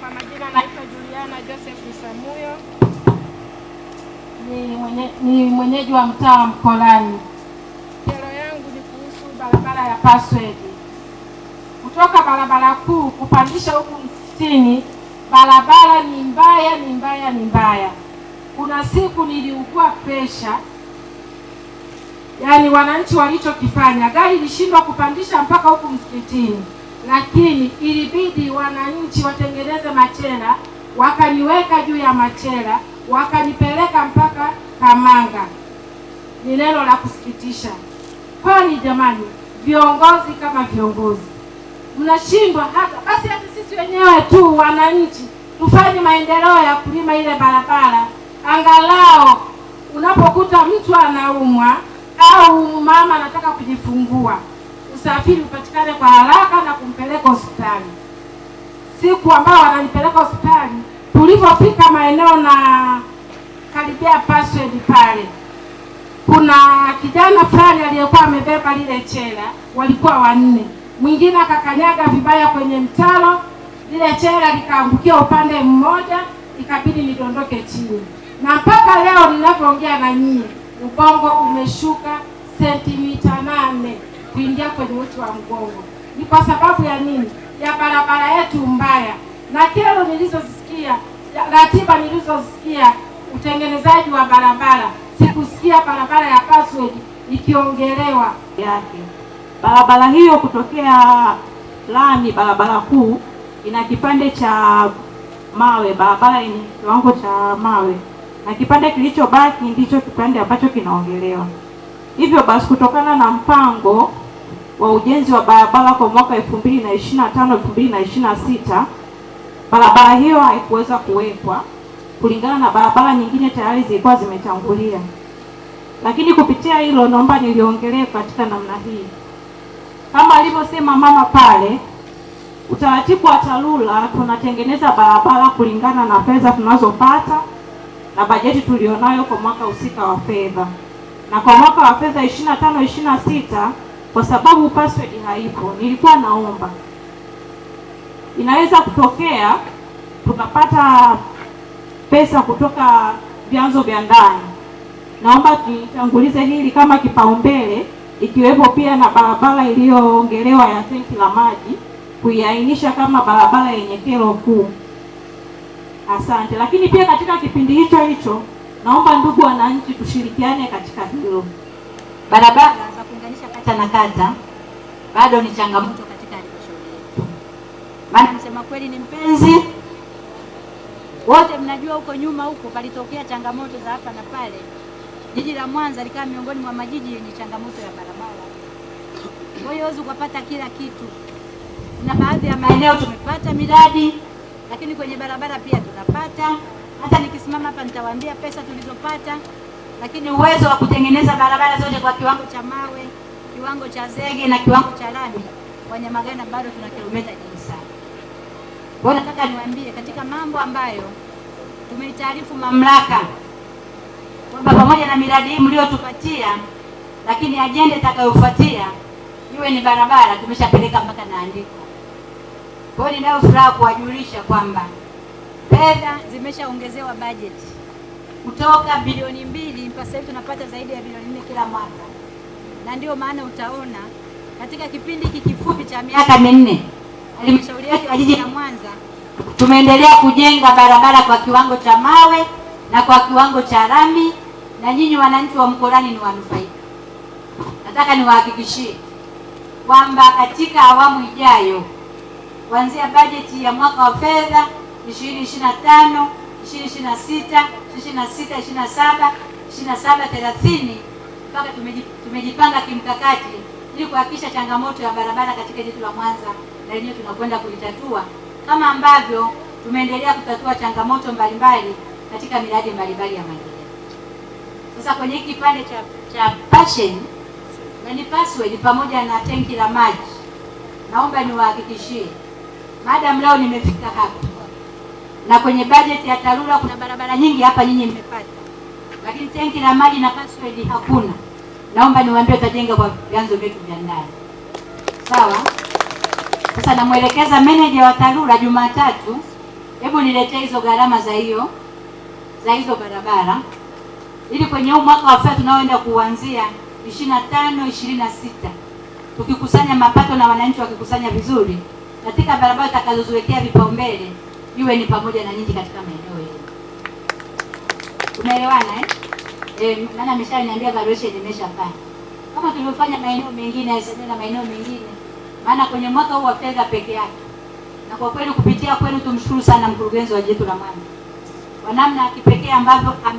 Kwa majina naitwa Juliana Joseph Samuyo, ni mwenye, ni mwenyeji wa mtaa wa Mkolani. Kero yangu ni kuhusu barabara ya Paswedi kutoka barabara kuu kupandisha huku Msitini. Barabara ni mbaya, ni mbaya, ni mbaya. Kuna siku niliugua presha Yaani, wananchi walichokifanya gari ilishindwa kupandisha mpaka huku msikitini lakini ilibidi wananchi watengeneze machela, wakaniweka juu ya machela, wakanipeleka mpaka Kamanga. Ni neno la kusikitisha. Kwani jamani, viongozi kama viongozi mnashindwa hata basi, hata sisi wenyewe tu wananchi tufanye maendeleo ya kulima ile barabara, angalau unapokuta mtu anaumwa au mama anataka kujifungua usafiri upatikane kwa haraka na kumpeleka hospitali. Siku ambayo wananipeleka hospitali, tulipofika maeneo na karibia password pale, kuna kijana fulani aliyekuwa amebeba lile chela, walikuwa wanne, mwingine akakanyaga vibaya kwenye mtaro, lile chela likaangukia upande mmoja, ikabidi nidondoke chini, na mpaka leo ninapoongea na nyinyi ubongo umeshuka sentimita kuingia kwenye uti wa mgongo. Ni kwa sababu ya nini? Ya barabara yetu mbaya na kero nilizozisikia, ratiba nilizozisikia, utengenezaji wa barabara. Sikusikia barabara ya Password ikiongelewa yake. Barabara hiyo kutokea lami, barabara kuu ina kipande cha mawe, barabara yenye kiwango cha mawe na kipande kilichobaki ndicho kipande ambacho kinaongelewa. Hivyo basi, kutokana na mpango wa ujenzi wa barabara kwa mwaka 2025 2026, barabara hiyo haikuweza kuwekwa kulingana na barabara nyingine tayari zilikuwa zimetangulia. Lakini kupitia hilo, naomba niliongelee katika namna hii, kama alivyosema mama pale, utaratibu wa TARURA tunatengeneza barabara kulingana na fedha tunazopata na bajeti tulionayo kwa mwaka husika wa fedha, na kwa mwaka wa fedha 25 26 kwa sababu password haipo. Nilikuwa naomba, inaweza kutokea tukapata pesa kutoka vyanzo vya ndani. Naomba tuitangulize hili kama kipaumbele, ikiwepo pia na barabara iliyoongelewa ya tenki la maji kuiainisha kama barabara yenye kero kuu. Asante. Lakini pia katika kipindi hicho hicho, naomba ndugu wananchi, tushirikiane katika hilo barabara za kuunganisha kata na kata bado ni changamoto katika halmashauri yetu, maana kusema kweli ni mpenzi wote mnajua, huko nyuma huko palitokea changamoto za hapa na pale. Jiji la Mwanza likawa miongoni mwa majiji yenye changamoto ya barabara, kwa hiyo huwezi ukapata kila kitu, na baadhi ya maeneo tumepata miradi, lakini kwenye barabara pia tunapata. Hata nikisimama hapa nitawaambia pesa tulizopata lakini uwezo wa kutengeneza barabara zote kwa kiwango cha mawe, kiwango cha zege na kiwango cha lami, Wanyamagana bado tuna kilomita nyingi sana. Kwa hiyo nataka niwaambie katika mambo ambayo tumeitaarifu mamlaka kwamba pamoja na miradi hii mliotupatia, lakini ajenda itakayofuatia iwe ni barabara, tumeshapeleka mpaka naandiko. Kwa hiyo ninayo furaha kuwajulisha kwamba fedha zimeshaongezewa bajeti kutoka bilioni mbili kwa sasa hivi tunapata zaidi ya bilioni nne kila mwaka, na ndio maana utaona katika kipindi hiki kifupi cha miaka minne halmashauri yetu ya jiji la Mwanza tumeendelea kujenga barabara kwa kiwango cha mawe na kwa kiwango cha rami na nyinyi wananchi wa Mkolani ni wanufaika. Nataka niwahakikishie kwamba katika awamu ijayo kuanzia bajeti ya mwaka wa fedha 2025 2026 26 27 27 mpaka tumejipanga kimkakati ili kuhakikisha changamoto ya barabara katika jiji la Mwanza na yenyewe tunakwenda kuitatua kama ambavyo tumeendelea kutatua changamoto mbalimbali katika miradi mbalimbali ya maendeleo. Sasa kwenye hiki kipande cha, cha passion na ni password pamoja na tenki la maji, naomba niwahakikishie madam, leo nimefika hapa na kwenye bajeti ya TARURA kuna barabara nyingi hapa nyinyi mmepata lakini tenki la maji na password hakuna. Naomba niwaambie utajenga kwa vyanzo vyetu vya ndani, sawa? Sasa namwelekeza meneja wa TARURA Jumatatu, hebu niletee hizo gharama za hiyo za hizo barabara, ili kwenye huu mwaka wa fedha tunaoenda kuanzia 25 26 tukikusanya mapato na wananchi wakikusanya vizuri, katika barabara takazoziwekea vipaumbele iwe ni pamoja na nyinyi katika maeneo yenu. Tunaelewana eh? Eh, maana ameshaniambia valuation imeshafanya. Kama tulivyofanya maeneo mengine ya na maeneo mengine. Maana kwenye mwaka huu wa fedha peke yake. Na kwa kweli kupitia kwenu tumshukuru sana mkurugenzi wa Jetu la Mwanza. Kwa namna ya kipekee ambavyo